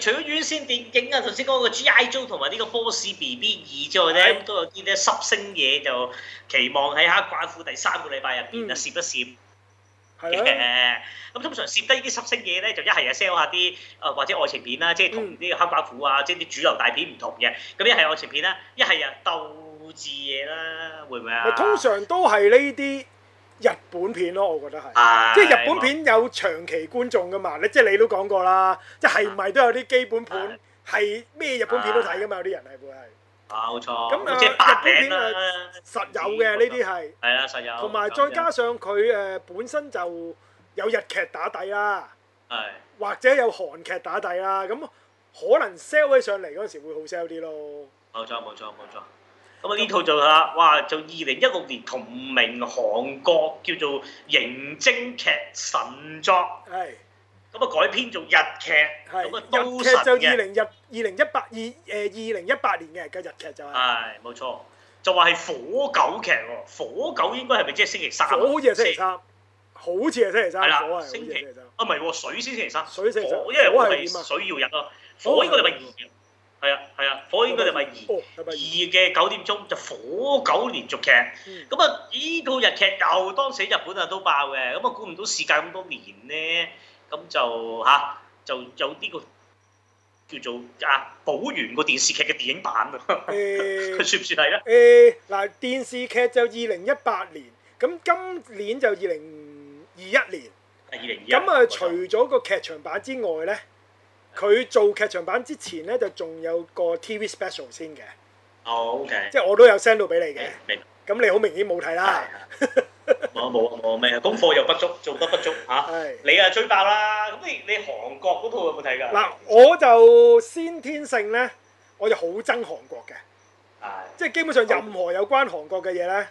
除咗院線電影啊，頭先講個 G I Joe 同埋呢個波士 B B 二之外咧，都的有啲咧濕星嘢就期望喺黑寡婦第三個禮拜入邊啊攝一攝嘅。咁通常攝低呢啲濕星嘢咧，就一係啊 sell 下啲啊或者愛情片啦，即係同呢啲黑寡婦啊，嗯、即係啲主流大片唔同嘅。咁一係愛情片啦，一係啊鬥智嘢啦，會唔會啊？通常都係呢啲。日本片咯，我覺得係，係即係日本片有長期觀眾噶嘛，啊、你即係你都講過啦，即係唔係都有啲基本盤，係咩日本片都睇噶嘛，有啲人係會係。冇、啊、錯，咁、嗯啊、日本片啊，實有嘅呢啲係。係啊、嗯嗯，實有。同埋有還說 再加上佢誒、呃、本身就有日劇打底啦，啊、或者有韓劇打底啦，咁、嗯、可能 sell 起上嚟嗰時會好 sell 啲咯。冇錯，冇錯，冇錯。咁呢套就嚇、是，哇就二零一六年同名韓國叫做《刑偵劇神作》，係咁啊改編做日劇，咁啊是日劇就二零日二零一八二誒二零一八年嘅嘅日劇就係、是，係冇錯，就話係火狗劇喎、哦，火狗應該係咪即係星期三？好似係星期三，好似係星期三，係啦星期，啊唔係水先星期三，水星期，因為我係、啊、水曜日咯、啊，火，是 火應該係咪？係啊，係啊，火影佢就咪二，二嘅九點鐘就火狗連續劇，咁啊呢套日劇又當時日本啊都爆嘅，咁啊估唔到事隔咁多年咧，咁就吓、啊，就有啲、呢個叫做啊補完個電視劇嘅電影版啊，誒、欸、 算唔算係咧？誒嗱、欸、電視劇就二零一八年，咁今年就二零二一年，係二零二一年。咁啊除咗個劇場版之外咧？佢做劇場版之前咧，就仲有個 TV special 先嘅。哦，OK，即係我都有 send 到俾你嘅。明白，咁你好明顯冇睇啦。冇啊冇啊冇咩啊，功課又不足，做得不足嚇。係的。啊你啊追爆啦。咁你你韓國嗰套有冇睇㗎？嗱，我就先天性咧，我就好憎韓國嘅。係的。即係基本上任何有關韓國嘅嘢咧，的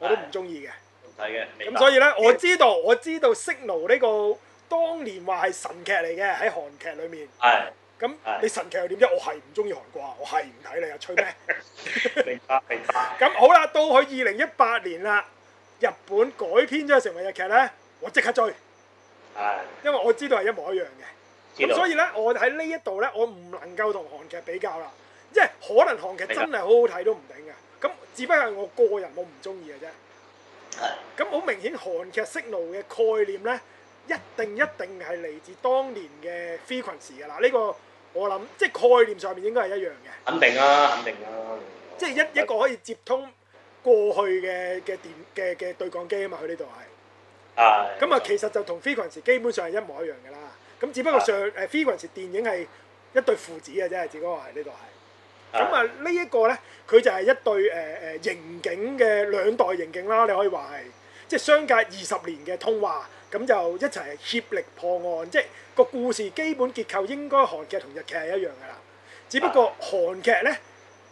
我都唔中意嘅。係嘅。咁所以咧，我知道我知道，道 Signal 呢個。當年話係神劇嚟嘅，喺韓劇裏面，係咁你神劇又點啫？我係唔中意韓國，我係唔睇你又、啊、吹咩？ 明白明白。咁好啦，到去二零一八年啦，日本改編咗成為日劇咧，我即刻追，係、啊、因為我知道係一模一樣嘅。咁道所以咧，我喺呢一度咧，我唔能夠同韓劇比較啦，即係可能韓劇真係好好睇都唔頂嘅。咁白只不過係我個人我唔中意嘅啫。咁好、啊、明顯，韓劇識路嘅概念咧。一定一定係嚟自當年嘅 Frequency 嘅啦，呢個我諗即係概念上面應該係一樣嘅。肯定啦，肯定啦，即係一一個可以接通過去嘅嘅電嘅嘅對講機啊嘛，佢呢度係。啊。咁啊，其實就同 Frequency 基本上係一模一樣嘅啦。咁只不過上誒 Frequency 電影係一對父子嘅啫係，只不過係呢度係。咁啊，呢一個咧，佢就係一對誒誒刑警嘅兩代刑警啦，你可以話係即係相隔二十年嘅通話。咁就一齊協力破案，即係個故事基本結構應該韓劇同日劇係一樣㗎啦。只不過韓劇咧，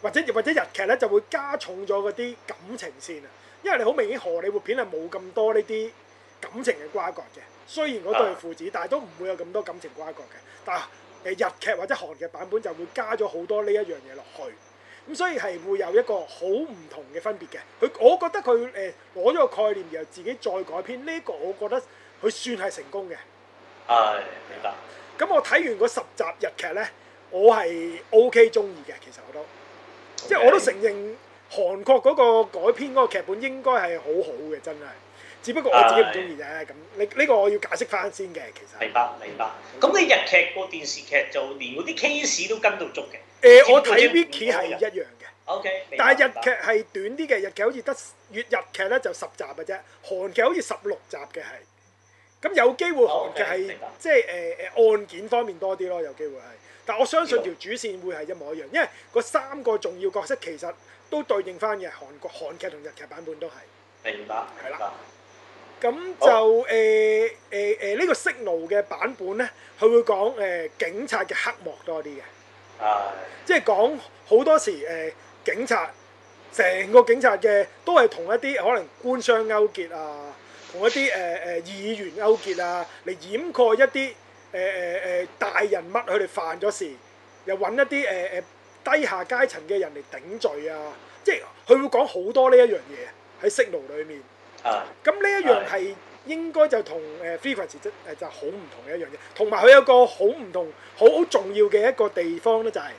或者或者日劇咧，就會加重咗嗰啲感情線啊。因為你好明顯荷里活片係冇咁多呢啲感情嘅瓜葛嘅。雖然我都係父子，但係都唔會有咁多感情瓜葛嘅。但係日劇或者韓劇版本就會加咗好多呢一樣嘢落去。咁所以係會有一個好唔同嘅分別嘅。佢我覺得佢誒攞咗個概念然後自己再改編呢個，我覺得。佢算係成功嘅。係，明白。咁我睇完個十集日劇咧，我係 O K 中意嘅。其實我都，即係我都承認韓國嗰個改編嗰個劇本應該係好好嘅，真係。只不過我自己唔中意啫。咁呢呢個我要解釋翻先嘅，其實。明白，明白。咁你日劇個電視劇就連嗰啲 case 都跟到足嘅。誒，我睇 Viki 係一樣嘅。O K。但係日劇係短啲嘅，日劇好似得月日劇咧就十集嘅啫，韓劇好似十六集嘅係。咁有機會韓劇係、oh, okay, 即係誒誒案件方面多啲咯，有機會係，但我相信條主線會係一模一樣，因為嗰三個重要角色其實都對應翻嘅韓國韓劇同日劇版本都係。明白，係啦、啊。咁就誒誒誒呢個 Signal 嘅版本咧，佢會講誒、呃、警察嘅黑幕多啲嘅。係。Oh. 即係講好多時誒、呃、警察，成個警察嘅都係同一啲可能官商勾結啊。同一啲誒誒議員勾結啊，嚟掩蓋一啲誒誒誒大人物佢哋犯咗事，又揾一啲誒誒低下階層嘅人嚟頂罪啊！即係佢會講好多呢一、uh, 樣嘢喺 Signal 裏面啊！咁呢一樣係應該就、呃就是就是、同誒 Frequency 即係就好唔同嘅一樣嘢，同埋佢有個好唔同、好重要嘅一個地方咧、就是，就係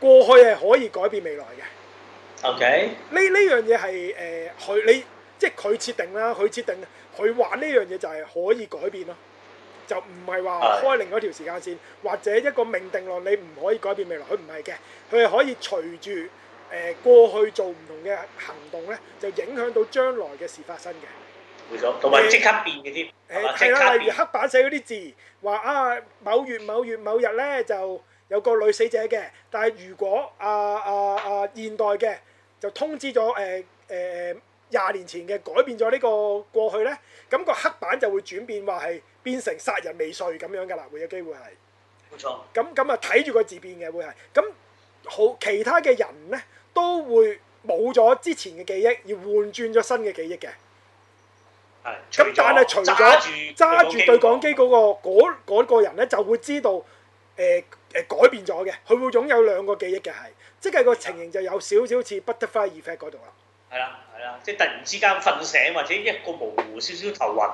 過去係可以改變未來嘅。OK，呢呢樣嘢係誒佢你。即係佢設定啦，佢設定佢話呢樣嘢就係可以改變咯，就唔係話開另一條時間線，或者一個命定落你唔可以改變未來。佢唔係嘅，佢係可以隨住誒過去做唔同嘅行動咧，就影響到將來嘅事發生嘅。會咗，同埋、欸、即刻變嘅添。誒係啦，例如黑板寫嗰啲字，話啊某月某月某日咧就有個女死者嘅，但係如果啊啊啊現代嘅就通知咗誒誒廿年前嘅改變咗呢個過去呢，咁、嗰個黑板就會轉變，話係變成殺人未遂咁樣㗎喇，會有機會係。冇錯。咁咁啊睇住個字變嘅會係，咁好其他嘅人呢，都會冇咗之前嘅記憶，而換轉咗新嘅記憶嘅。係的。咁但係除咗揸住對講機嗰、嗰個嗰、嗰個、個人呢，就會知道誒誒、呃、改變咗嘅，佢會擁有兩個記憶嘅係，即係個情形就有少少似 Butterfly Effect 嗰度啦。係啦，係啦，即係突然之間瞓醒，或者一個模糊少少頭暈，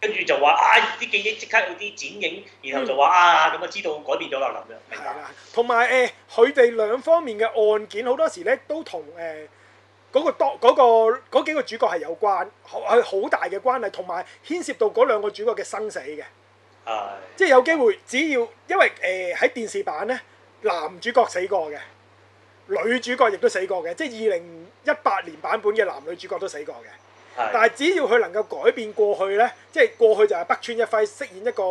跟住就話啊，啲記憶即刻有啲剪影，然後就話、嗯、啊，咁啊知道改變咗啦，咁樣，明白？同埋誒，佢、呃、哋兩方面嘅案件好多時咧，都同誒嗰個當嗰、嗰個、嗰個、幾個主角係有關，係好大嘅關係，同埋牽涉到嗰兩個主角嘅生死嘅。係的。即係有機會，只要因為誒喺、呃、電視版咧，男主角死過嘅。女主角亦都死過嘅，即係二零一八年版本嘅男女主角都死過嘅。的但係只要佢能夠改變過去呢，即係過去就係北川一輝飾演一個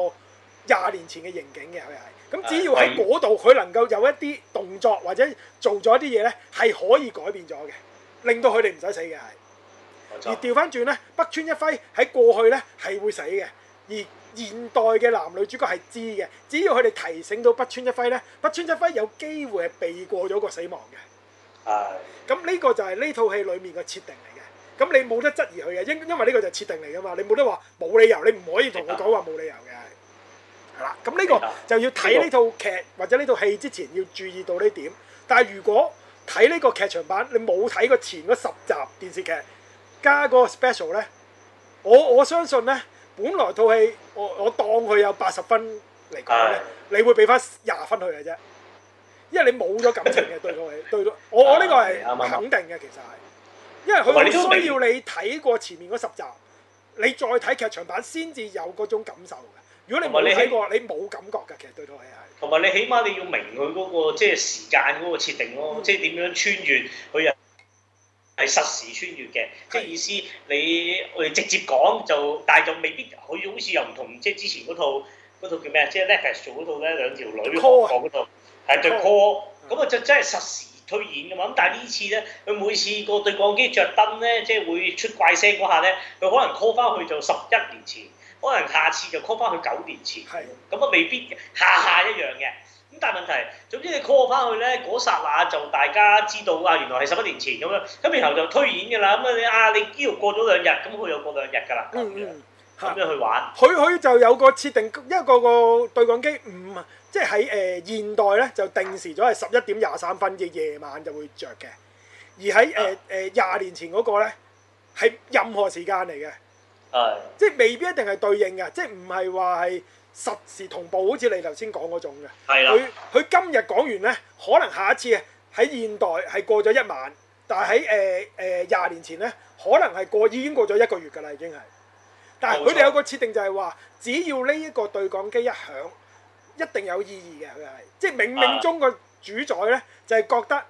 廿年前嘅刑警嘅佢係。咁只要喺嗰度佢能夠有一啲動作或者做咗一啲嘢呢，係可以改變咗嘅，令到佢哋唔使死嘅係。錯而掉返轉呢，北川一輝喺過去呢，係會死嘅，而。現代嘅男女主角係知嘅，只要佢哋提醒到北川一輝咧，北川一輝有機會係避過咗個死亡嘅。啊！咁呢個就係呢套戲裡面嘅設定嚟嘅。咁你冇得質疑佢嘅，因因為呢個就係設定嚟噶嘛，你冇得話冇理由，你唔可以同佢講話冇理由嘅。係啦，咁呢個就要睇呢套劇或者呢套戲之前要注意到呢點。但係如果睇呢個劇場版，你冇睇過前嗰十集電視劇加個 special 咧，我我相信咧。本來套戲我我當佢有八十分嚟講咧，你會俾翻廿分佢嘅啫，因為你冇咗感情嘅對套戲對到我我呢個係肯定嘅，其實係，因為佢需要你睇過前面嗰十集，你再睇劇場版先至有嗰種感受嘅。如果你冇睇過，你冇感覺嘅。其實對套戲係。同埋你起碼你要明佢嗰個即係時間嗰個設定咯，即係點樣穿越嗰樣。係實時穿越嘅，即係意思你我哋直接講就，但係就未必，佢好似又唔同，即係之前嗰套嗰套叫咩啊？即係《The Call》嗰套咧，兩條女學嗰套係對 call，咁啊、嗯、就真係實時推演嘅嘛。咁但係呢次咧，佢每次個對講機着燈咧，即係會出怪聲嗰下咧，佢可能 call 翻去就十一年前，可能下次就 call 翻去九年前，咁啊的未必下下一樣嘅。但係問題，總之你 call 翻去咧，嗰剎那就大家知道啊，原來係十一年前咁樣，咁然後就推演㗎啦。咁啊你啊你，呢，啊，度過咗兩日，咁佢又過兩日㗎啦。嗯嗯，咁樣是去玩。佢佢就有個設定，一個一個，一個對講機唔，即係喺誒現代咧就定時咗係十一點廿三分嘅夜晚就會着嘅，而喺誒誒廿年前嗰個咧係任何時間嚟嘅，的的即係未必一定係對應嘅，即係唔係話係。實時同步，好似你頭先講嗰種嘅。係佢佢今日講完呢，可能下一次喺現代係過咗一晚，但係喺誒誒廿年前呢，可能係過已經過咗一個月㗎啦，已經係。但係佢哋有個設定就係話，只要呢一個對講機一響，一定有意義嘅。佢係即係冥冥中個主宰呢，啊、就係覺得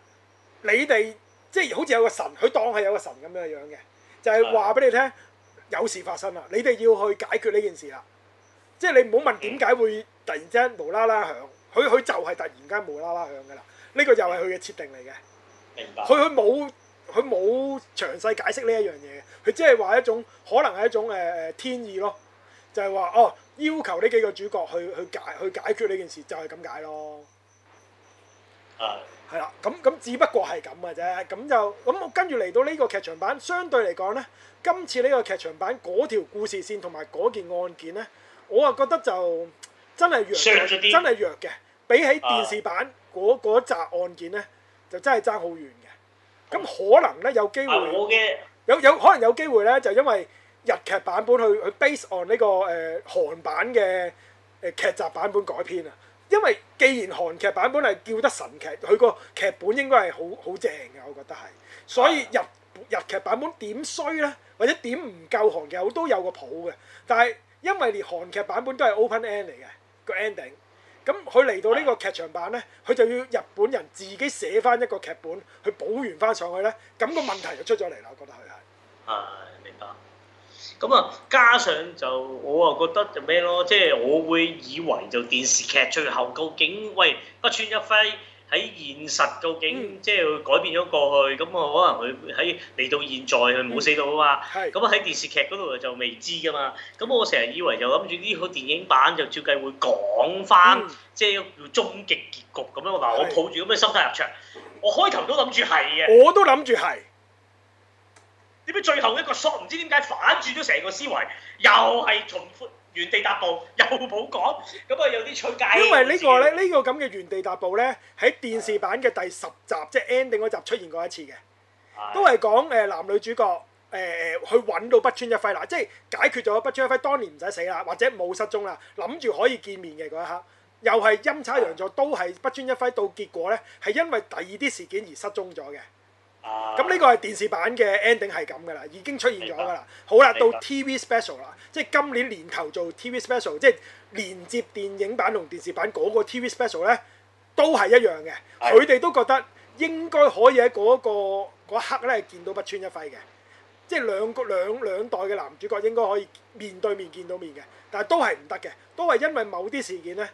你哋即係好似有個神，佢當係有個神咁樣樣嘅，就係話俾你聽，啊、有事發生啦，你哋要去解決呢件事啦。即係你唔好問點解會突然之間無啦啦響，佢佢就係突然間無啦啦響㗎啦。呢、這個又係佢嘅設定嚟嘅。明白。佢佢冇佢冇詳細解釋呢一樣嘢，佢即係話一種可能係一種誒、呃、天意咯，就係、是、話哦要求呢幾個主角去去解去解決呢件事就係咁解咯。係、嗯。係啦，咁咁只不過係咁嘅啫。咁就咁我跟住嚟到呢個劇場版，相對嚟講呢，今次呢個劇場版嗰條故事線同埋嗰件案件呢。我啊覺得就真係弱，真係弱嘅。比起電視版嗰集案件咧，就真係爭好遠嘅。咁可能咧有機會，有有可能有機會咧，就因為日劇版本去去 base on 呢、這個誒、呃、韓版嘅誒、呃、劇集版本改編啊。因為既然韓劇版本係叫得神劇，佢個劇本應該係好好正嘅，我覺得係。所以日日劇版本點衰咧，或者點唔夠韓劇，有都有個譜嘅。但係，因為連韓劇版本都係 open end 嚟嘅個 ending，咁佢嚟到呢個劇場版咧，佢就要日本人自己寫翻一個劇本去補完翻上去咧，咁個問題就出咗嚟啦，我覺得佢係。係，明白。咁啊，加上就我啊覺得就咩咯，即係我會以為就電視劇最後究竟喂不穿一揮。喺現實究竟即係改變咗過去，咁我可能佢喺嚟到現在佢冇死到啊嘛。咁啊喺電視劇嗰度就未知㗎嘛。咁我成日以為就諗住呢個電影版就照計會講翻，即係叫終極結局咁樣。嗱，我抱住咁嘅心態入場，我開頭都諗住係嘅，我都諗住係，點解最後一個 shot 唔知點解反轉咗成個思維，又係重複。原地踏步又冇講，咁啊有啲趣介嘅。因為呢個咧，呢個咁嘅原地踏步咧，喺電視版嘅第十集，即係 ending 嗰集出現過一次嘅，都係講誒男女主角誒去揾到北川一輝嗱，即係解決咗北川一輝當年唔使死啦，或者冇失蹤啦，諗住可以見面嘅嗰一刻，又係陰差陽錯都係北川一輝，到結果咧係因為第二啲事件而失蹤咗嘅。咁呢、啊、個係電視版嘅 ending 係咁噶啦，已經出現咗噶啦。行好啦，到 TV special 啦，行即係今年年頭做 TV special，即係連接電影版同電視版嗰個 TV special 咧，都係一樣嘅。佢哋的都覺得應該可以喺嗰、那個嗰刻咧見到北村一輝嘅，即係兩兩兩代嘅男主角應該可以面對面見到面嘅，但係都係唔得嘅，都係因為某啲事件咧。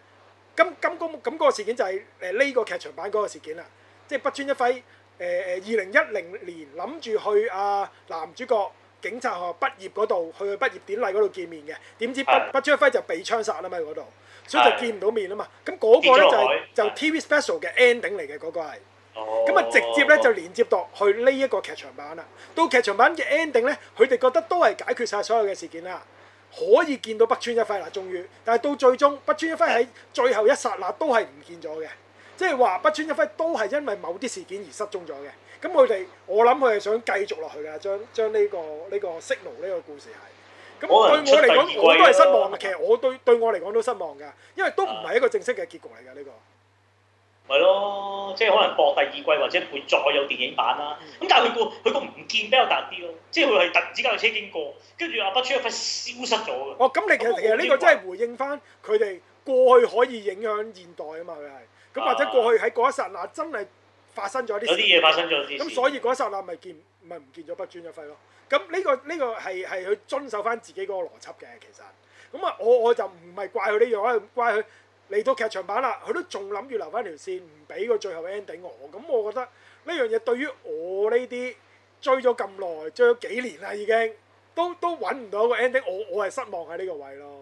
今今、那個咁嗰個事件就係誒呢個劇、那個、場版嗰個事件啦，即係北村一輝。誒二零一零年諗住去阿、啊、男主角警察學校畢業嗰度，去去畢業典禮嗰度見面嘅，點知北的北村一輝就俾槍殺啦嘛嗰度，所以就見唔到面啦嘛。咁嗰個咧就就 TV special 嘅 ending 嚟嘅嗰個係，咁啊、哦、直接咧就連接到去呢一個劇場版啦。到劇場版嘅 ending 咧，佢哋覺得都係解決晒所有嘅事件啦，可以見到北村一輝嗱，終於，但係到最終北村一輝喺最後一剎那都係唔見咗嘅。即係話，北川一輝都係因為某啲事件而失蹤咗嘅。咁佢哋，我諗佢係想繼續落去嘅，將將呢、呢個呢、呢個 Signal 呢個故事係。咁對我嚟講，我都係失望。其實我、啊、對對我嚟講都失望㗎，因為都唔係一個正式嘅結局嚟㗎。呢、呢個，咪咯，即係可能播第二季或者會再有電影版啦、啊。咁但係佢個佢個唔見比較大啲咯，即係佢係突然之間有車經過，跟住阿北川一輝消失咗。哦、啊，咁你其實呢個真係回應翻佢哋過去可以影響現代啊嘛，佢係。咁或者過去喺嗰一剎那真係發生咗啲，有啲嘢發生咗啲，咁所以嗰一剎那咪見咪唔見咗北村一輝咯。咁呢個呢個係係佢遵守翻自己嗰個邏輯嘅其實。咁啊，我我就唔係怪佢呢樣啊，怪佢嚟到劇場版啦，佢都仲諗住留翻條線，唔俾個最後 ending 我。咁我覺得呢樣嘢對於我呢啲追咗咁耐，追咗幾年啦已經，都都揾唔到個 ending，我我係失望喺呢個位咯。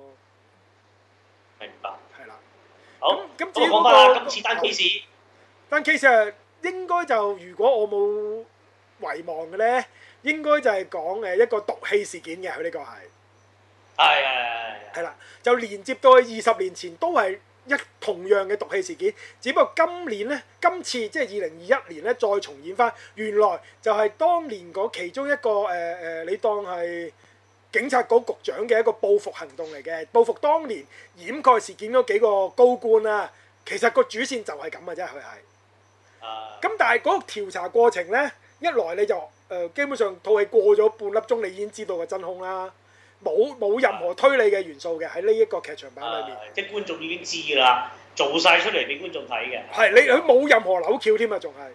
明白。咁咁，好至於嗰、那個，今次單 case，單 case 應該就如果我冇遺忘嘅咧，應該就係講誒一個毒氣事件嘅，佢、這、呢個係，係係啦，就連接到去二十年前都係一同樣嘅毒氣事件，只不過今年咧，今次即係二零二一年咧，再重演翻，原來就係當年嗰其中一個誒誒、呃呃，你當係。警察局局長嘅一個報復行動嚟嘅，報復當年掩蓋事件嗰幾個高官啊，其實個主線就係咁嘅啫。佢係。啊。咁、啊、但係嗰個調查過程呢，一來你就誒、呃、基本上套戲過咗半粒鐘，你已經知道個真兇啦，冇冇任何推理嘅元素嘅喺呢一個劇場版裏面。啊、即係觀眾已經知㗎喇，做晒出嚟俾觀眾睇嘅。係你佢冇任何扭橋添啊，仲係。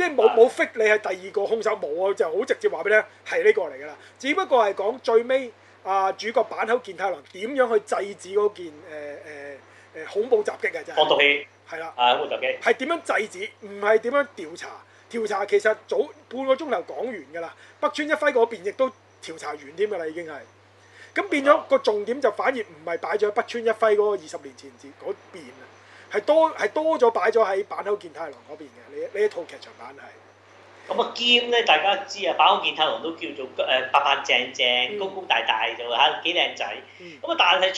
即係冇冇逼你係第二個兇手冇啊，就好直接話俾你聽係呢個嚟㗎啦。只不過係講最尾，啊，主角坂口健太郎點樣去制止嗰件誒誒誒恐怖襲擊嘅啫。放毒氣係啦，啊，放毒氣係點樣制止？唔係點樣調查？調查其實早半個鐘頭講完㗎啦。北村一輝嗰邊亦都調查完添㗎啦，已經係咁，變咗個重點就反而唔係擺咗北村一輝嗰二十年前節嗰邊。係多係多咗擺咗喺板口健太郎嗰邊嘅。呢呢一套劇場版係咁啊，劍咧大家知啊板口健太郎都叫做誒白白淨正，高高大大就喎，嚇幾靚仔，咁啊但係長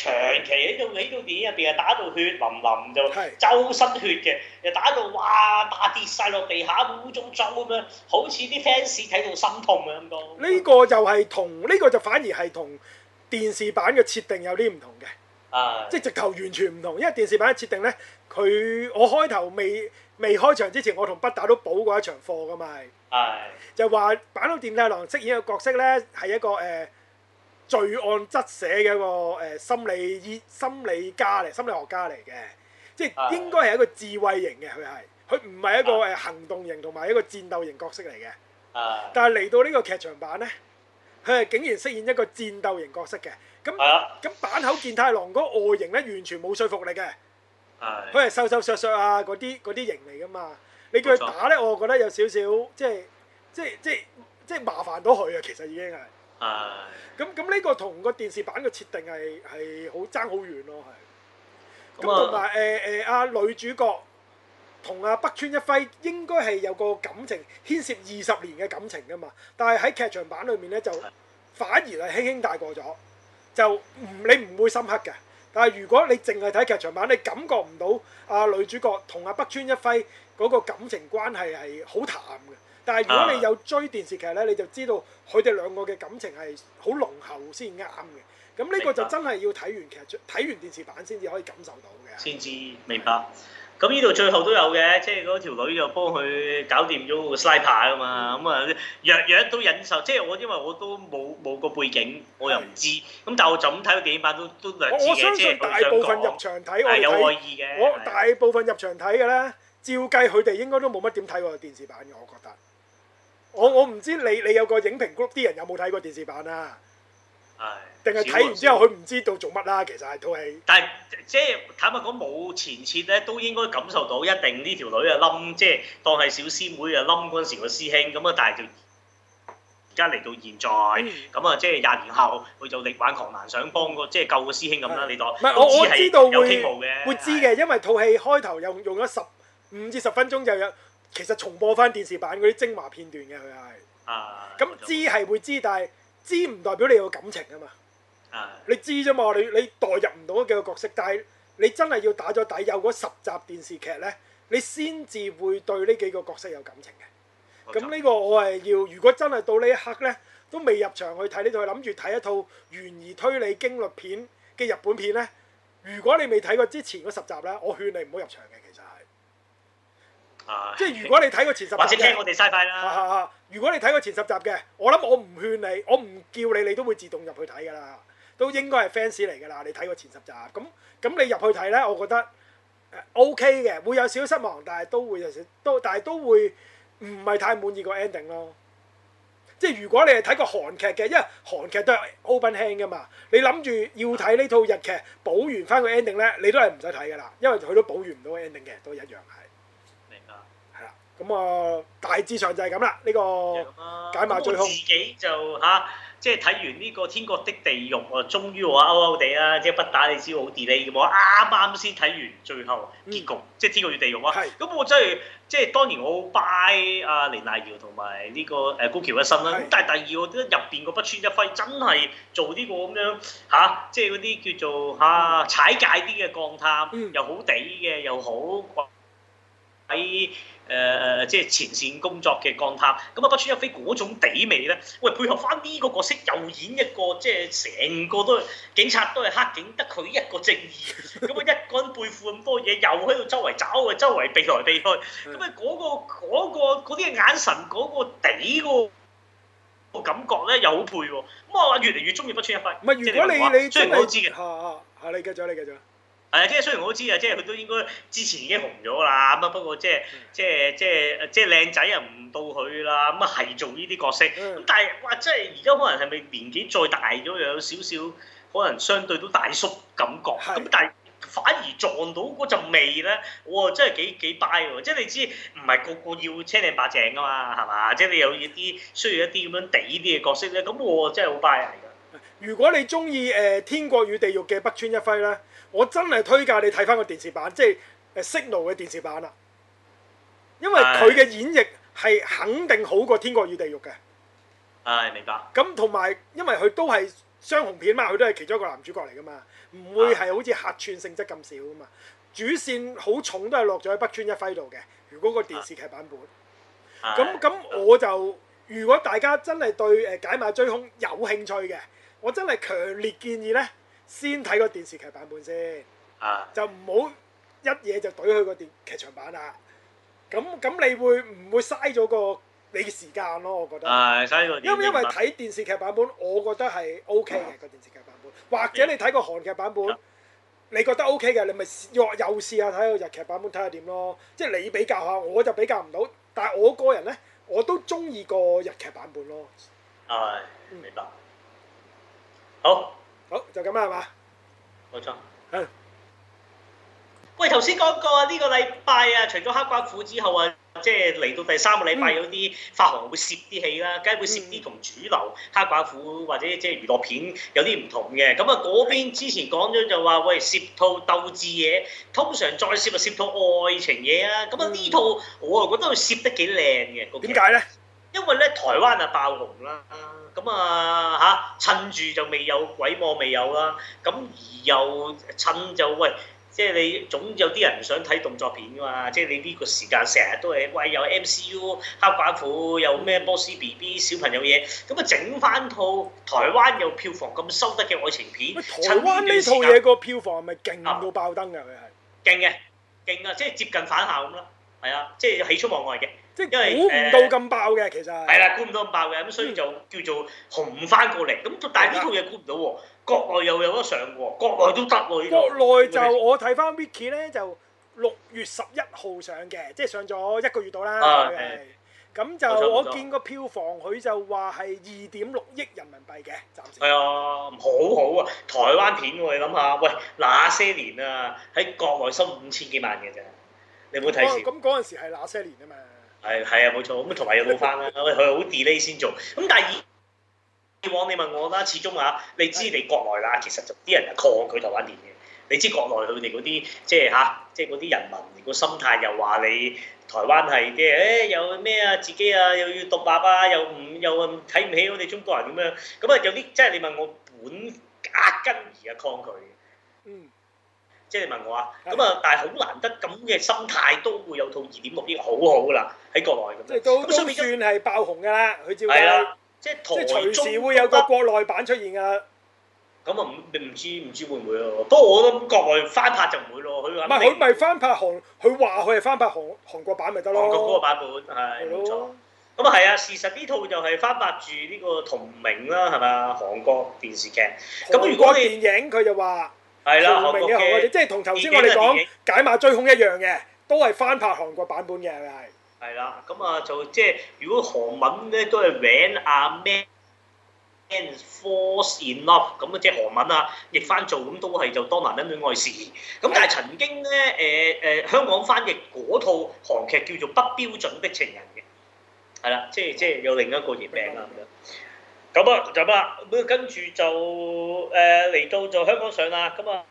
期喺度喺套電影入邊，啊打到血淋淋就周身血嘅，又打到哇打跌晒落地下烏糟糟咁樣，好似啲 fans 睇到心痛啊咁多。呢個就係同呢個就反而係同電視版嘅設定有啲唔同嘅，即係直頭完全唔同，因為電視版嘅設定咧。佢我開頭未未開場之前，我同不打都補過一場課㗎嘛，的就話坂口健太郎飾演嘅角色咧係一個誒、呃、罪案側寫嘅一個誒、呃、心理醫心理家嚟，心理學家嚟嘅，即係的應該係一個智慧型嘅佢係，佢唔係一個誒的行動型同埋一個戰鬥型角色嚟嘅，的但係嚟到呢個劇場版咧，佢係竟然飾演一個戰鬥型角色嘅，咁咁坂口健太郎嗰外形咧完全冇說服力嘅。的的佢係瘦瘦削削啊，嗰啲嗰啲型嚟噶嘛？你叫佢打咧，我覺得有少少即係即係即係即係麻煩到佢啊！其實已經係。啊。咁咁呢個同個電視版嘅設定係係好爭好遠咯，係。咁啊。咁同埋誒誒阿女主角同阿北川一輝應該係有個感情牽涉二十年嘅感情噶嘛，但係喺劇場版裏面咧就反而係輕輕帶過咗，就唔你唔會深刻嘅。但係如果你淨係睇劇場版，你感覺唔到啊、呃、女主角同啊北村一輝嗰個感情關係係好淡嘅。但係如果你有追電視劇咧，啊、你就知道佢哋兩個嘅感情係好濃厚先啱嘅。咁呢個就真係要睇完劇睇完電視版先至可以感受到嘅。先至明白。咁呢度最後都有嘅，即係嗰條女又幫佢搞掂咗個拉扒啊嘛，咁啊，樣樣都忍受。即係我因為我都冇冇個背景，我又唔知。咁但係我就咁睇個電影版都都兩字嘅，我相信大部分入場睇，我有愛意嘅。我大部分入場睇嘅咧。照計佢哋應該都冇乜點睇過電視版嘅，我覺得。我我唔知你你有個影評 group 啲人有冇睇過電視版啊？係。定係睇完之後佢唔知道做乜啦，其實係套戲。但係即係坦白講冇前設咧，都應該感受到一定呢條女啊冧，即係當係小師妹啊冧嗰陣時個師兄咁啊。但係就而家嚟到現在，咁啊，即係廿年後佢就力挽狂瀾，想幫個即係救個師兄咁啦。你當唔係我我知道會會知嘅，因為套戲開頭又用咗十五至十分鐘就有，其實重播翻電視版嗰啲精華片段嘅佢係啊。咁知係會知，但係知唔代表你有感情啊嘛。你知啫嘛？你你代入唔到幾個角色，但係你真係要打咗底，有嗰十集電視劇呢，你先至會對呢幾個角色有感情嘅。咁呢像個我係要，如果真係到呢一刻呢，都未入場去睇呢套，諗住睇一套懸疑推理驚慄片嘅日本片呢。如果你未睇過之前嗰十集呢，我勸你唔好入場嘅。其實係，啊、即係如果你睇過前十集，或、啊、聽我哋嘥費啦。 如果你睇過前十集嘅，我諗我唔勸你，我唔叫你，你都會自動入去睇㗎啦。都應該係 fans 嚟㗎啦，你睇過前十集，咁咁你入去睇呢，我覺得、呃、OK 嘅，會有少少失望，但係都會有少，都但係都會唔係太滿意個 ending 咯。即係如果你係睇個韓劇嘅，因為韓劇都係 open hand 噶嘛，你諗住要睇呢套日劇補完翻個 ending 呢，你都係唔使睇㗎啦，因為佢都補完唔到 ending 嘅，都一樣係。明啦，係啦，咁啊、呃、大致上就係咁啦，呢、呢個解碼最酷。自己就嚇。即係睇完呢個《天國的地獄》終於我終於我歐歐地啦，即係不打你知我好 delay 咁，我啱啱先睇完最後結局，即係、嗯《天國與地獄》是就是就是、啊！咁我真係即係當然我好拜阿綾瀨遙同埋呢個誒、呃、高橋一生啦。咁是但係第二我覺得入邊個面北村一輝真係做呢個咁樣嚇，即係嗰啲叫做嚇、啊、踩界啲嘅鋼探又好地嘅又好。喺誒誒即係前線工作嘅幹探，咁啊，北村一輝嗰種底味咧，喂，配合返呢個角色，又演一個即係成個都係警察都係黑警，得佢一個正義，咁 啊、嗯，一個人背負咁多嘢，又喺度周圍找啊，周圍避來避去，咁、嗯、啊，嗰、嗯嗰個啲、嗰個嗰個、眼神，嗰個底、嗰個嗰個感覺咧又好配喎，咁、嗯、啊，我越嚟越中意北村一輝。唔係，如果你即你即係好知嘅，嚇、啊啊啊、你繼續，你繼續。係啊，即係雖然我都知啊，即係佢都應該之前已經紅咗啦。咁啊、嗯，不過即係、嗯、即係即係即係靚仔又唔到佢啦。咁啊，係做呢啲角色咁，嗯、但係哇，即係而家可能係咪年紀再大咗，又有少少可能相對都大叔感覺咁，是但係反而撞到嗰陣味咧，我真係幾幾 buy 喎！即係你知唔係個個要青靚白淨噶嘛，係嘛？即係你有啲需要一啲咁樣地啲嘅角色咧，咁我真係好 buy 㗎。如果你中意誒《天國與地獄》嘅北村一輝咧。我真係推介你睇翻個電視版，即係誒 Signal 嘅電視版啦，因為佢嘅演繹係肯定好過《天國與地獄》嘅。誒，明白。咁同埋，因為佢都係雙雄片嘛，佢都係其中一個男主角嚟噶嘛，唔會係好似客串性質咁少啊嘛。主線好重都係落咗喺北村一輝度嘅。如果個電視劇版本，咁咁、哎、我就，如果大家真係對誒《解碼追兇》有興趣嘅，我真係強烈建議呢。先睇個電視劇版本先，啊、就唔好一嘢就懟佢個電劇場版啦。咁咁你會唔會嘥咗個你嘅時間咯？我覺得。係嘥因因為睇電視劇版本，我覺得係 O K 嘅。個電視劇版本，或者你睇個韓劇版本，你覺得 O K 嘅，你咪又又試下睇個日劇版本睇下點咯。即係你比較下，我就比較唔到。但係我個人呢，我都中意個日劇版本咯。係。明白。好。好，就咁啦，係嘛？冇錯。嗯、喂，頭先講過啊，呢、呢個禮拜啊，除咗黑寡婦之後啊，即係嚟到第三個禮拜、嗯、有啲發行會攝啲戲啦，梗係會攝啲同主流黑寡婦或者即係娛樂片有啲唔同嘅。咁啊，嗰邊之前講咗就話，喂，攝套鬥智嘢，通常再攝就攝套愛情嘢啊。咁啊，呢套、嗯、我啊覺得佢攝得幾靚嘅。點解咧？因為咧，台灣啊爆紅啦，咁啊吓、啊，趁住就未有鬼魔未有啦，咁而又趁就喂，即係你總有啲人唔想睇動作片㗎嘛，即係你呢個時間成日都係喂，有 MCU 黑寡婦有咩 b o 波斯 BB 小朋友嘢，咁啊整翻套台灣有票房咁收得嘅愛情片，趁呢段時間，呢套嘢個票房係咪勁到爆燈㗎？佢係勁嘅，勁啊！即係接近返校咁啦，係啊，即係喜出望外嘅。即係估唔到咁爆嘅，其實係、嗯、啦，估唔到咁爆嘅，咁所以就叫做紅翻過嚟。咁但係呢套嘢估唔到喎，國內又有得上喎，國內都得喎呢個。國內就樣我睇翻 Wiki 咧，就六月十一號上嘅，即係上咗一個月到啦。咁、啊、就我見個票房佢就話係二點六億人民幣嘅，暫時係啊，好好啊，台灣片我哋諗下，喂，那些年啊？喺國內收五千幾萬嘅咋？你冇睇？咁嗰陣時係那些年啊？嘛？係係啊，冇錯咁同埋要冇翻啦，佢好 delay 先做。咁第二，以往你問我啦，始終嚇你知你國內啦，其實就啲人係抗拒台灣電影。你知國內佢哋嗰啲即係嚇，即係嗰啲人民個心態又話你台灣係嘅，誒有咩啊，自己啊又要獨立啊，又唔又睇唔起我哋中國人咁樣。咁啊，有啲即係你問我本家、啊、根而係抗拒嗯。即係你問我啊，咁啊，但係好難得咁嘅心態都會有套二點六億，好好噶啦，喺國內咁啊，咁都上面算係爆紅噶啦，佢照係啦，即係台中，即係隨時會有個國內版出現噶。咁啊，唔唔知唔知會唔會咯？哦、不過我諗國內翻拍就唔會咯。佢話佢咪翻拍韓，佢話佢係翻拍韓韓國版咪得咯。韓國嗰個版本係冇的錯。咁啊係啊，事實呢套就係翻拍住呢個同名啦，係咪啊？韓國電視劇。咁如果你電影佢就話。係啦，韓國嘅即係同頭先我哋講解碼追兇一樣嘅，都係翻拍韓國版本嘅，係。係啦，咁啊就即係如果韓文咧都係 When a Man Falls in Love，咁啊即係韓文啊譯翻做咁都係就當男人戀愛時。咁的但係曾經咧誒誒香港翻譯嗰套韓劇叫做不標準的情人嘅，係啦，即係即係有另一個譯名嘅。的咁啊，就咁咁啊，跟住就誒嚟、呃、到就香港上啦，咁啊，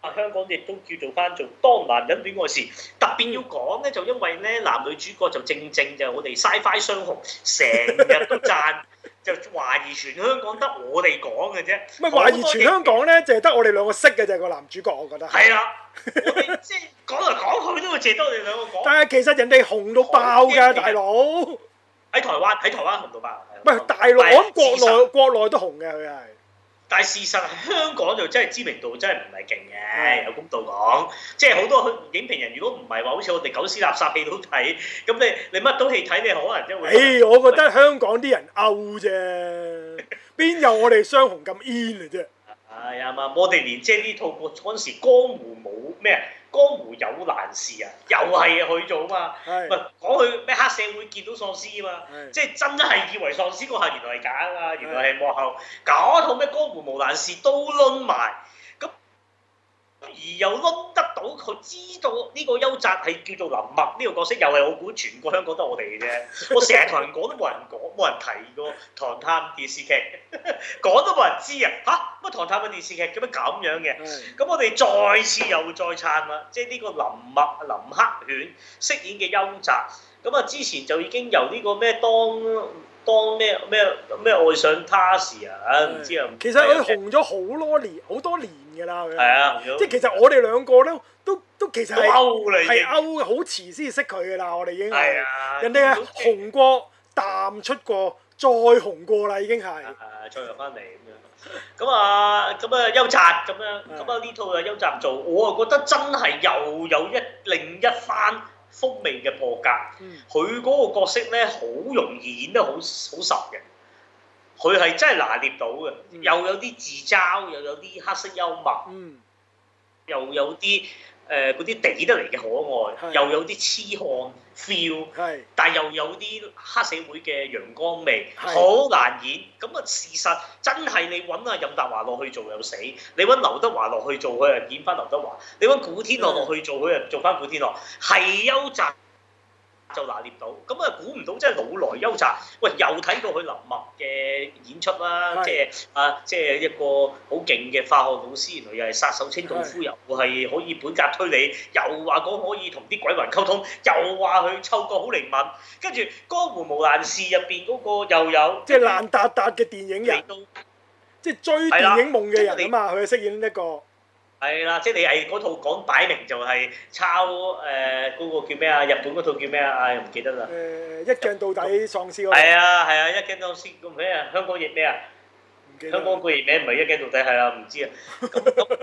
啊香港亦都叫做翻做當男人戀愛時，特別要講咧，就因為咧男女主角就正正就我哋 Sci-Fi 雙雄，成日都讚，就懷疑全香港得我哋講嘅啫。唔係懷疑全香港咧，就係得我哋兩個識嘅就啫，個男主角、啊、我覺得。係啦 ，即係講嚟講去都會淨得我哋兩個講。但係其實人哋紅到爆㗎、啊，大佬。喺台灣，喺台灣紅到爆，唔係大陸，國內國內都紅嘅佢係。但係事實係香港就真係知名度真係唔係勁嘅，有公道講。即係好多影評人如果唔係話好似我哋狗屎垃圾戲都睇，咁你你乜都戲睇，你可能真會。誒，我覺得香港啲人 out 啫，邊有我哋雙紅咁 in 嘅啫？係啊嘛，我哋連即係呢套嗰陣時江湖冇咩，江湖有難事啊，又係佢做啊嘛。唔係講佢咩黑社會見到喪屍啊嘛，是即係真係以為喪屍嗰下原來係假啊嘛，是原來係幕後嗰套咩江湖無難事都輪埋。而又揾得到佢知道呢個邱澤係叫做林默。呢個角色，又係我估全個香港得我哋嘅啫。我成日同人講都冇人講，冇人提過《唐探》電視劇，講都冇人知啊嚇。乜《唐探》嘅電視劇做乜咁樣嘅？咁我哋再次又再撐啦。即係呢個林默、林黑犬飾演嘅邱澤，咁啊之前就已經由呢個咩當。當咩咩咩愛上他時啊！唉，唔知又其實佢紅咗好多年，好多年㗎啦。係啊，即係其實我哋兩個咧，都都其實係係勾好遲先識佢㗎啦。我哋已經係啊，人哋紅過淡出過，再紅過啦，已經係。啊，再入翻嚟咁樣。咁啊，咁啊，邱澤咁樣，咁啊呢套啊邱澤做，我啊覺得真係又有一另一番。福味嘅破格，佢嗰、嗯、個角色咧好容易演得好好實嘅，佢係真係拿捏到嘅，嗯、又有啲自嘲，又有啲黑色幽默，嗯、又有啲。誒嗰啲抵得嚟嘅可愛，的又有啲痴漢 feel，的但係又有啲黑社會嘅陽光味，好的難演。咁啊的，事實真係你揾阿任達華落去做又死，你揾劉德華落去做佢又演翻劉德華，你揾古天樂落去做佢又的做翻古天樂，係優質。就拿捏到，咁啊估唔到真係老來優察，喂又睇過佢林默嘅演出啦是的、啊，即係啊即係一個好勁嘅化學老師，原來又係殺手清道夫是的 又係可以本格推理，又話講可以同啲鬼魂溝通，又話佢嗅覺好靈敏，跟住《江湖無難事》入邊嗰個又有即係爛達達嘅電影人，即係都追電影夢嘅人啊嘛，佢的飾演一個。係啦，即係你係嗰套講擺明就係抄誒嗰個叫咩啊？日本嗰套叫咩啊？啊，又唔記得啦。誒，一鏡到底喪屍嗰個。係啊，係啊，一鏡喪屍咁咩啊？香港譯咩啊？香港個譯名唔係一鏡到底係啦，唔知啊。咁咁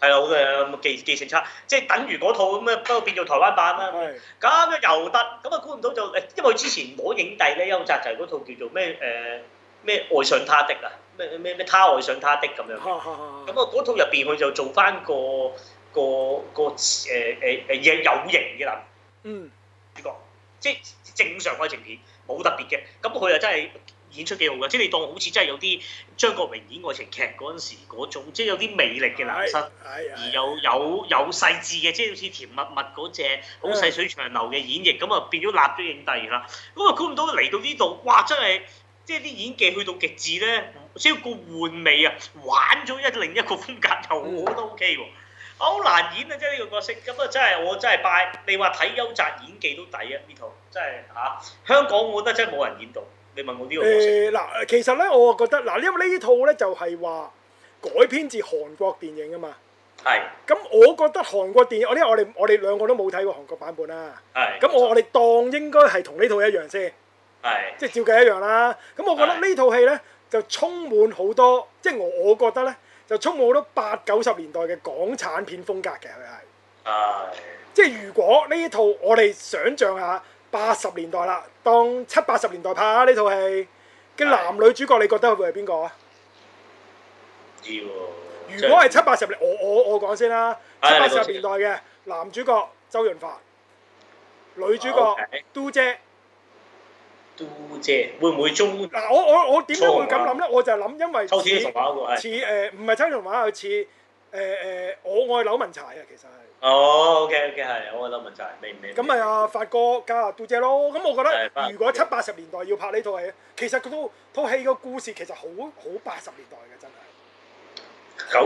係啊，好多人，記記性差，即係等於嗰套咁咩？不過變做台灣版啦，咁樣又得，咁啊估唔到就誒，因為之前攞影帝咧，邱澤就係嗰套叫做咩誒？咩愛上他的啊？咩咩咩他愛上他的咁樣。咁啊，嗰套入邊佢就做翻個個個誒誒誒嘢有型嘅男，嗯，主角，即係正常愛情片，冇特別嘅。咁佢又真係演出幾好嘅，即係你當好似真係有啲張國榮演愛情劇嗰陣時嗰種，即係有啲魅力嘅男生，而有有有細緻嘅，即係好似甜蜜蜜嗰隻好細水長流嘅演繹，咁啊變咗立咗影帝啦。咁啊估唔到嚟到呢度，哇！真係～即係啲演技去到極致咧，嗯、需要個換尾啊，玩咗一另一個風格，就我覺得 O K 喎，好、啊啊、難演啊，即係呢個角色，咁啊真係我真係拜，你話睇邱澤演技都抵啊，呢、這、套、個、真係嚇、啊，香港我覺得真係冇人演到，你問我呢個。誒嗱、欸，其實咧我覺得嗱，因為呢套咧就係話改編自韓國電影啊嘛，係是。咁我覺得韓國電影，我哋我哋兩個都冇睇過韓國版本啦，係是。咁我我哋當應該係同呢套一樣先。係，即係照計一樣啦。咁我覺得呢套戲呢，就充滿好多，即係我我覺得呢，就充滿好多八九十年代嘅港產片風格嘅，佢係。係。 即係如果呢套我哋想象下八十年代啦，當七八十年代拍呢套戲嘅男女主角，你覺得會係邊個啊？要如果係七八十年，我我我講先啦，七八十年代嘅男主角周潤發，女主角 Do 姐。啊 okay. 都啫，會唔會中？嗱，我我我點解會咁諗咧？我就諗，因為似似誒，唔係《偷天換日》，似誒誒，我我愛柳文柴啊，其實係。哦，OK OK，係我愛柳文柴，明唔明？咁咪阿法哥加下杜姐咯？咁我覺得，如果七八十年代要拍呢套戲，其實嗰套套戲個故事其實好好八十年代嘅，真係。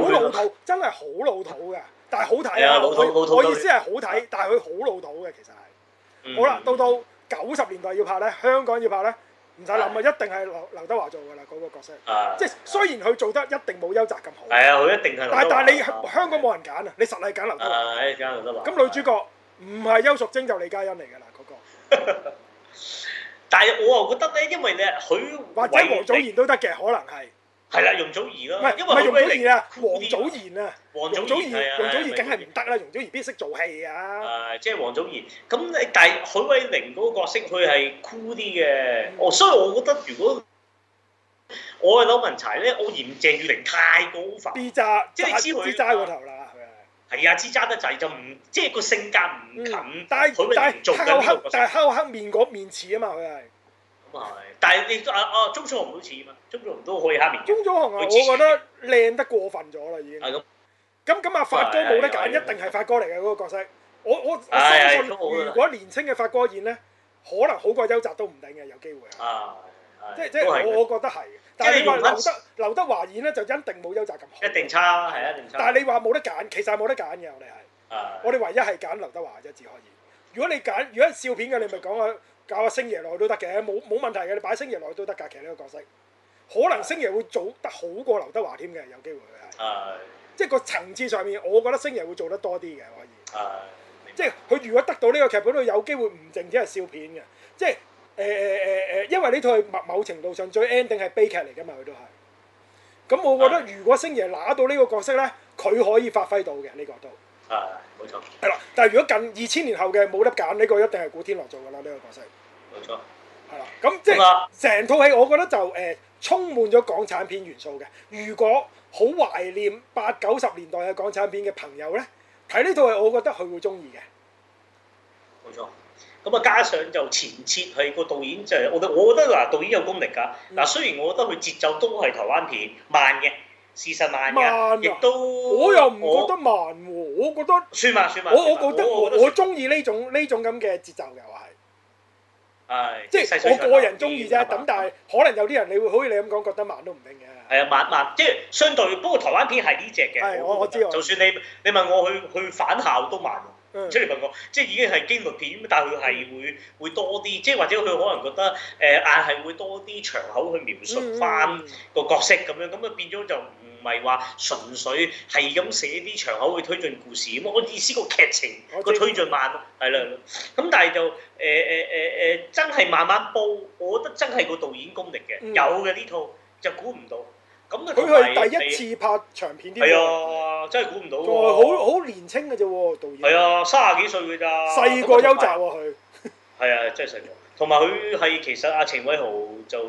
好老土，真係好老土嘅，但係好睇啊！我我意思係好睇，但係佢好老土嘅，其實係。好啦，到到。九十年代要拍咧，香港要拍咧，唔使諗啊，一定係劉劉德華做嘅啦，嗰個角色。啊！即係雖然佢做得一定冇邱澤咁好。係啊，佢一定係。但係但係你香港冇人揀啊！你實係揀劉德華。啊！揀劉德華。咁女主角唔係邱淑貞就李嘉欣嚟嘅啦，嗰個。但係我又覺得咧，因為你許。或者王祖賢都得嘅，可能係。係啦，容祖兒咯，唔係容祖兒啊，王祖賢啊，王祖賢，容祖賢梗係唔得啦，容祖兒必須識做戲啊。誒，即係王祖賢。咁你但係許偉玲嗰個角色，佢係酷啲嘅。哦，所以我覺得如果我係柳文柴咧，我嫌鄭裕玲太高凡。B 扎，即係你知佢。B 扎過頭啦，佢係。係啊，知揸得滯就唔，即係個性格唔近。但係，但係，但係，黑面嗰面似啊嘛，佢係。係，但係你啊，哦，鐘楚紅都似嘛？鐘楚紅都可以哈明。鐘楚紅啊，我覺得靚得過分咗啦，已經。係咁。咁咁啊，發哥冇得揀，一定係發哥嚟嘅嗰個角色。我我我相信，如果年青嘅發哥演咧，可能好過邱澤都唔定嘅，有機會。啊，係。即即我我覺得係。但係你話劉德劉德華演咧，就一定冇邱澤咁好。一定差，係一定差。但係你話冇得揀，其實係冇得揀嘅，我哋係。啊。我哋唯一係揀劉德華一字可以。如果你揀，如果係笑片嘅，你咪講啊。搞阿星爺來都得嘅，冇冇問題嘅，你擺星爺來都得㗎。其實呢個角色，可能星爺會做得好過劉德華添嘅，有機會佢係。Uh、即係個層次上面，我覺得星爺會做得多啲嘅可以。係、uh。即係佢如果得到呢個劇本，都有機會唔淨止係笑片嘅。即係誒誒誒誒，因為呢套係某某程度上最 ending 係悲劇嚟嘅嘛，佢都係。咁我覺得如果星爺拿到呢個角色咧，佢可以發揮到嘅呢、呢個都。係，冇、啊、錯。係啦，但係如果近二千年後嘅冇得揀，呢、這個一定係古天樂做㗎啦，呢、這個角色。冇錯。係啦，咁即係成套戲，嗯啊、我覺得就誒、呃、充滿咗港產片元素嘅。如果好懷念八九十年代嘅港產片嘅朋友咧，睇呢套戲，我覺得佢會中意嘅。冇錯。咁、嗯、啊，加上就前設係個導演就我、是，我覺得嗱、呃，導演有功力㗎。嗱、呃，雖然我覺得佢節奏都係台灣片慢嘅。事實慢㗎，亦都我又唔覺得慢喎，我覺得算慢算慢。我我覺得我我中意呢種呢種咁嘅節奏嘅，我係。係，即係我個人中意啫。咁但係可能有啲人你會好似你咁講覺得慢都唔定嘅。係啊，慢慢，即係相對。不過台灣片係呢隻嘅，我我知。就算你你問我去去返校都慢，出嚟問我，即係已經係驚慄片，但係佢係會會多啲，即係或者佢可能覺得誒硬係會多啲場口去描述翻個角色咁樣，咁啊變咗就。唔係話純粹係咁寫啲場口去推進故事，咁我意思、個劇情個、啊、推進慢，係啦、嗯。咁但係就誒誒誒誒，真係慢慢煲，我覺得真係個導演功力嘅，嗯、有嘅呢套就估唔到。咁佢係第一次拍長片啲。係有啊，真係估唔到。仲係好好年輕嘅啫喎，導演。係啊，三十幾歲嘅咋。細過優澤啊，佢。係啊，真係細嘅。 同埋佢係其實阿程偉豪做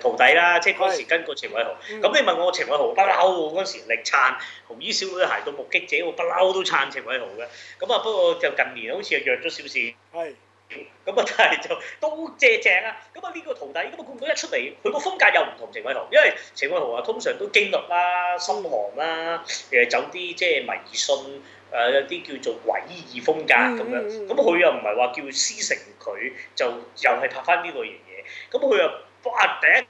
徒弟啦，即係嗰時跟過程偉豪。咁的你問我程偉豪不嬲，嗰時力撐，紅衣小女孩，行到目擊者，我不嬲都撐程偉豪嘅。咁啊，不過就近年好似又弱咗少少。係。咁 啊，但係就都借正啊！咁啊，呢個徒弟咁啊，估唔到一出嚟，佢個風格又唔同程偉豪，因為程偉豪啊，通常都驚慄啦、心寒啦，誒，走啲即係迷信，誒，有啲叫做詭異風格咁樣。咁佢又唔係話叫師承佢，就又係拍翻呢類型嘢。咁佢又哇，第一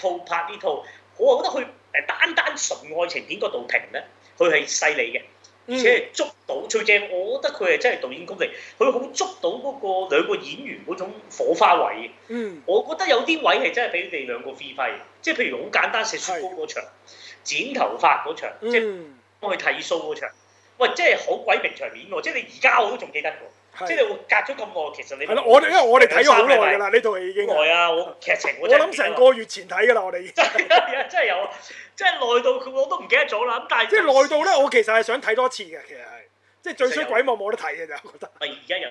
套拍呢套，我覺得佢誒單單純愛情片個導評咧，佢係犀利嘅。而且係捉到，最正，我覺得佢係真係導演功力，佢好捉到嗰個兩個演員嗰種火花位。嗯，我覺得有啲位係真係俾你哋兩個發揮即係譬如好簡單食雪糕嗰場，的剪頭髮嗰場，即係幫佢剃鬚嗰場，喂，即係好鬼名場面喎，即係你而家我都仲記得喎。即係會隔咗咁耐，其實你係啦，我哋因為我哋睇咗好耐㗎啦，呢套已經耐啊！劇情我諗成個月前睇㗎啦，我哋真係啊，真係有，真係耐到我都唔記得咗啦。咁但係即係耐到咧，我其實係想睇多次嘅，其實係即係最衰鬼冇冇得睇嘅就覺得。咪而家有，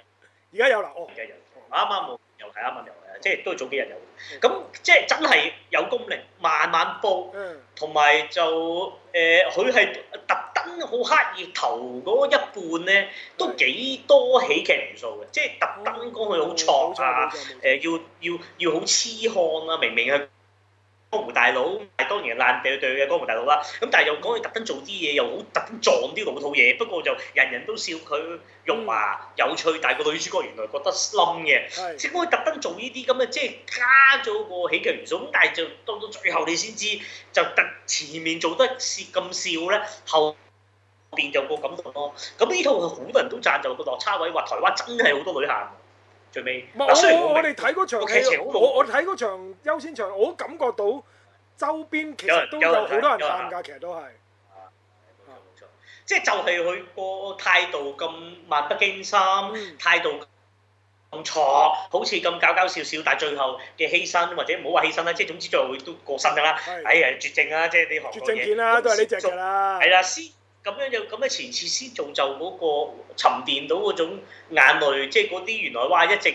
而家有啦，我而家有，啱啱冇，又睇啱啱又係，即係都係早幾日有。咁即係真係有功力，慢慢煲，同埋就誒，佢係特。好刻意頭嗰一半咧，都幾多喜劇元素嘅，即係特登講佢好挫啊，誒、呃、要要要好痴漢啊，明明係江湖大佬，但係當然係爛鼻對嘅江湖大佬啦。咁但係又講佢特登做啲嘢，又好特登撞啲老套嘢。不過就人人都笑佢，用話有趣，但係個女主角原來覺得冧嘅、um。即因為特登做呢啲咁嘅，即係加咗個喜劇元素。咁但係就到到最後你先知，就特前面做得咁笑咧，後。變就個感受咯。咁呢套好多人都贊，就個落差位，話台灣真係好多女行，最尾，雖然我哋睇嗰場劇情，我我睇嗰場優先場，我都感覺到周邊其實都有好多人贊㗎。其實都係，冇錯冇錯。即係就係佢個態度咁漫不經心，態度咁錯，好似咁搞搞笑笑，但係最後嘅犧牲或者唔好話犧牲啦，即係總之最後都過身㗎啦。哎呀，絕症啊，即係你韓國嘢，絕症片啦，都係呢隻啦。係啦，咁樣就咁嘅前設先做、那個，就嗰個沉澱到嗰種眼淚，即係嗰啲原來哇一直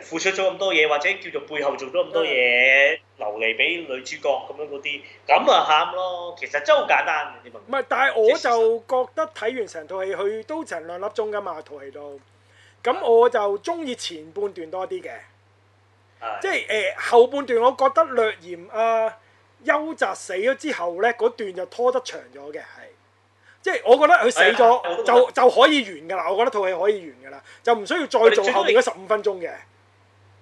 付出咗咁多嘢，或者叫做背後做咗咁多嘢、嗯、流離俾女主角咁樣嗰啲，咁啊喊咯。其實真係好簡單。唔係、嗯，但係我就覺得睇完成套戲，佢都成兩粒鐘㗎嘛。套戲都咁，我就鍾意前半段多啲嘅，嗯、即係誒、呃、後半段，我覺得略嫌阿邱澤死咗之後咧嗰段就拖得長咗嘅，係。即係我覺得佢死咗、哎、就就可以完㗎啦，我覺得套戲可以完㗎啦，就唔需要再做後面嗰十五分鐘嘅。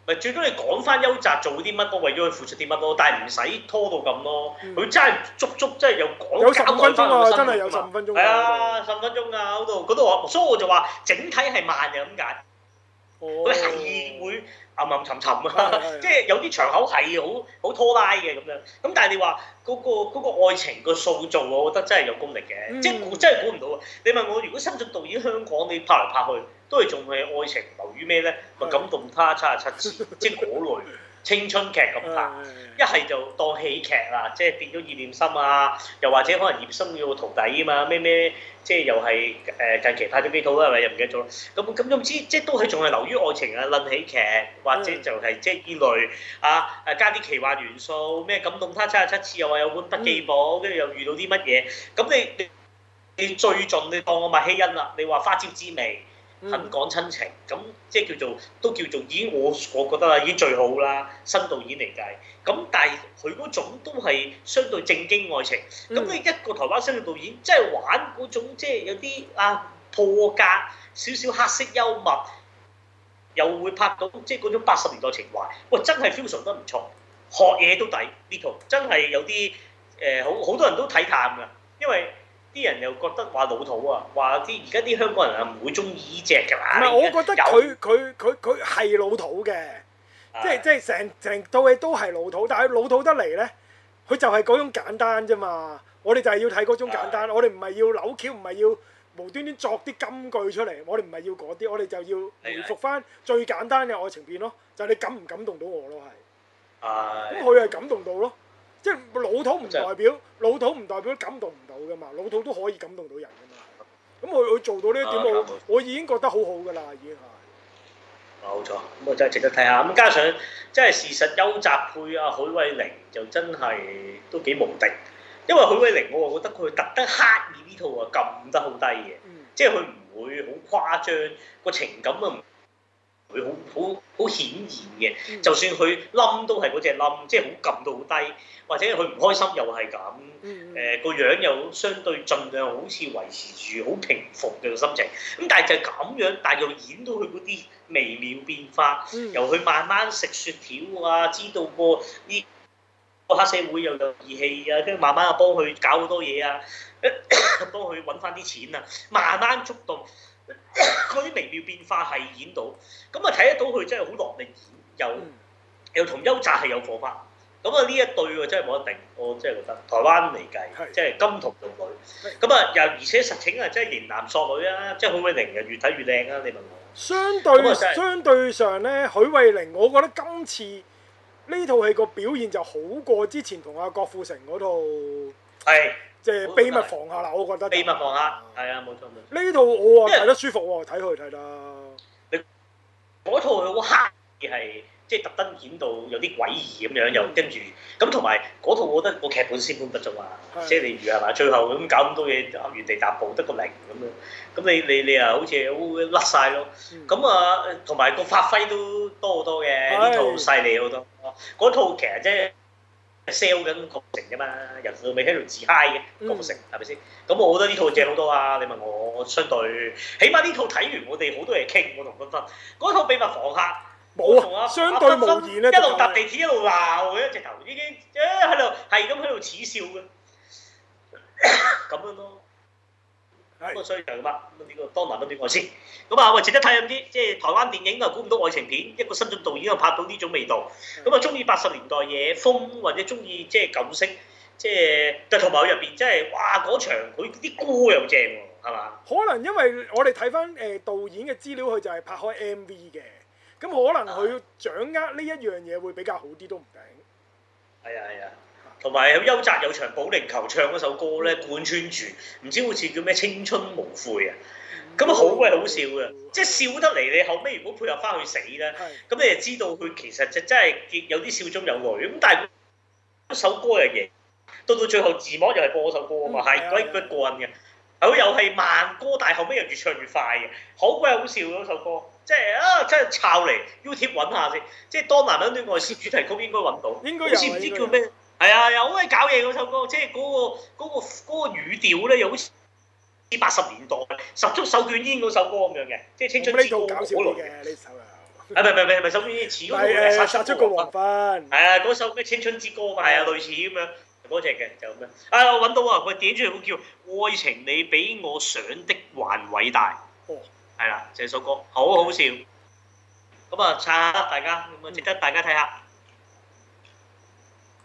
咪最終你，你講翻邱澤做啲乜，我為咗佢付出啲乜咯，但係唔使拖到咁咯。佢真係足足真係有十五分鐘講交代翻個身嘅嘛。係啊，十五分鐘啊嗰度，嗰度我，所以我就話整體係慢嘅咁解。佢係、哦、會。暗暗沉沉啊，即係、 就是、有啲場口係好好拖拉嘅咁樣，咁但係你話嗰、那個嗰、那個、愛情個塑造，我覺得真係有功力嘅，即係、嗯、真係估唔到喎。嗯、你問我如果新晉導演香港，你拍嚟拍去都係仲係愛情流於咩咧？咪、嗯、感動他七啊七字，即係嗰類青春劇咁拍。一係、嗯、就當喜劇啦，即、就、係、是、變咗熱戀心啊，又或者可能葉生要徒弟啊嘛，咩咩。即係又係誒近期拍啲咩套啦，係、呃、咪又唔記得咗？咁咁又唔知，即係都係仲係流於愛情啊、倫喜劇，或者就係即係依類啊，誒加啲奇幻元素咩感動他七十七次，又話有本筆記簿，跟住、嗯、又遇到啲乜嘢？咁你你你最盡你當我麥希欣啦，你話花椒之味。很講親情，咁即係叫做都叫做已經我我覺得啦，已經最好啦，新導演嚟計。咁但係佢嗰種都係相對正經愛情。咁佢一個台灣新嘅導演，即係玩嗰種即係有啲啊破格少少黑色幽默，又會拍到即係嗰種八十年代情懷。哇，真係 feel 上都唔錯，學嘢都抵呢套，真係有啲誒、呃、好好多人都睇淡㗎，因為，啲人又覺得話老土啊，話啲而家啲香港人係唔會中意呢隻㗎啦。唔係，我覺得佢佢佢佢係老土嘅，的即係即係成成套嘢都係老土，但係老土得嚟咧，佢就係嗰種簡單啫嘛。我哋就係要睇嗰種簡單，的我哋唔係要扭橋，唔係要無端端作啲金句出嚟，我哋唔係要嗰啲，我哋就要回覆翻最簡單嘅愛情片咯，就係你感唔感動到我咯，係咁佢係感動到咯。即係老土唔代表，即係老土唔代表感動唔到噶嘛，老土都可以感動到人噶嘛。咁佢佢做到呢一點，啊、我我已經覺得好好噶啦。冇、啊、錯，咁我真係值得睇下。咁加上即係事實，邱澤配啊，許慧玲就真係都幾無敵。因為許慧玲我啊覺得佢特登刻意呢套啊撳得好低嘅，即係佢唔會好誇張個情感啊。佢好好好顯然嘅、mm hmm.，就算佢冧都係嗰隻冧，即係好撳到好低，或者佢唔開心又係咁，誒個、mm hmm. 呃、樣又相對盡量好似維持住好平伏嘅個心情，咁但係就係咁樣，但又演到佢嗰啲微妙變化，mm hmm. 由佢慢慢食雪條啊，知道個呢個黑社會又有義氣啊，跟住慢慢又幫佢搞好多嘢啊， 幫佢揾翻啲錢啊，慢慢觸動。佢啲 微妙變化係演到，咁啊睇得到佢真係好落力，又、嗯、又同邱澤係有火花，咁啊呢一對真係冇得定，我真係覺得台灣嚟計，即係的金童玉女，咁啊又而且實情啊真係型男索女啊，即係許慧玲又越睇越靚啊，你問我？相對、就是、相對上咧，許慧玲，我覺得今次呢套戲個表現就好過之前同阿郭富城嗰套。係。即係秘密房客啦，我覺得。秘密房客。係啊，冇錯。呢套我啊睇得舒服喎，睇佢睇啦。嗰套好刻意係，即係特登演到有啲詭異咁樣，又跟住咁，同埋嗰套我覺得個劇本先天不足啊，即係例如係嘛，最後咁搞咁多嘢，原地踏步得個零咁樣，咁你你你又好似甩晒咯，咁啊同埋個發揮都多好多嘅，呢套犀利好多。嗰套劇即係。sell 緊高盛啫嘛，人老味喺度自嗨嘅高盛，係咪先？咁我覺得呢套正好多啊！你問我相對，起碼呢套睇完我哋好多嘢傾，我同分分嗰套秘密房客冇啊，啊相對無言咧，一路搭地鐵一路鬧，嗯、一隻頭已經喺度，係咁喺度恥笑嘅，咁 樣咯。咁所以就咁啊，呢、這個當年嗰啲愛詩，咁啊喂，值得睇咁啲，即係台灣電影又估唔到愛情片一個新晉導演又拍到呢種味道，咁啊鍾意八十年代野風或者鍾意即係舊式，即係，但係同埋入邊真係，哇嗰場佢啲歌又正喎，係嘛？可能因為我哋睇翻誒導演嘅資料，佢就係拍開 MV 嘅，咁可能佢掌握呢一樣嘢會比較好啲都唔定。係啊！係啊！同埋有悠哉有場保齡球，唱嗰首歌咧貫穿住，唔知好似叫咩青春無悔啊！咁、嗯、好鬼好笑嘅，即係笑得嚟。你後尾如果配合翻去死咧，咁是你就知道佢其實就真係有啲笑中有淚咁。但係嗰首歌又贏，到到最後字幕又係播首歌、嗯、是啊嘛，係鬼鬼過癮嘅。好又係慢歌，但係後尾又越唱越快嘅，好鬼好笑嗰首歌。即係啊，真係抄嚟 YouTube 揾下先，即係當男人戀愛時主題曲應該揾到，好似唔知叫咩。係啊，又好鬼搞嘢嗰首歌，即係嗰個嗰個嗰個語調咧，又好似八十年代《十足手捲煙》嗰首歌咁樣嘅，即係青春之歌好耐嘅。啊，唔係唔係唔係，手捲煙似嗰個係《殺出個黃昏》。係啊，嗰首咩《青春之歌》嘛，係啊，類似咁樣嗰隻嘅就咁樣。啊，哎，我揾到啊，佢點出嚟叫《愛情，你比我想的還偉大》。哦，係啦，就係首歌，好好笑。咁啊，查下啦，大家值得大家睇下。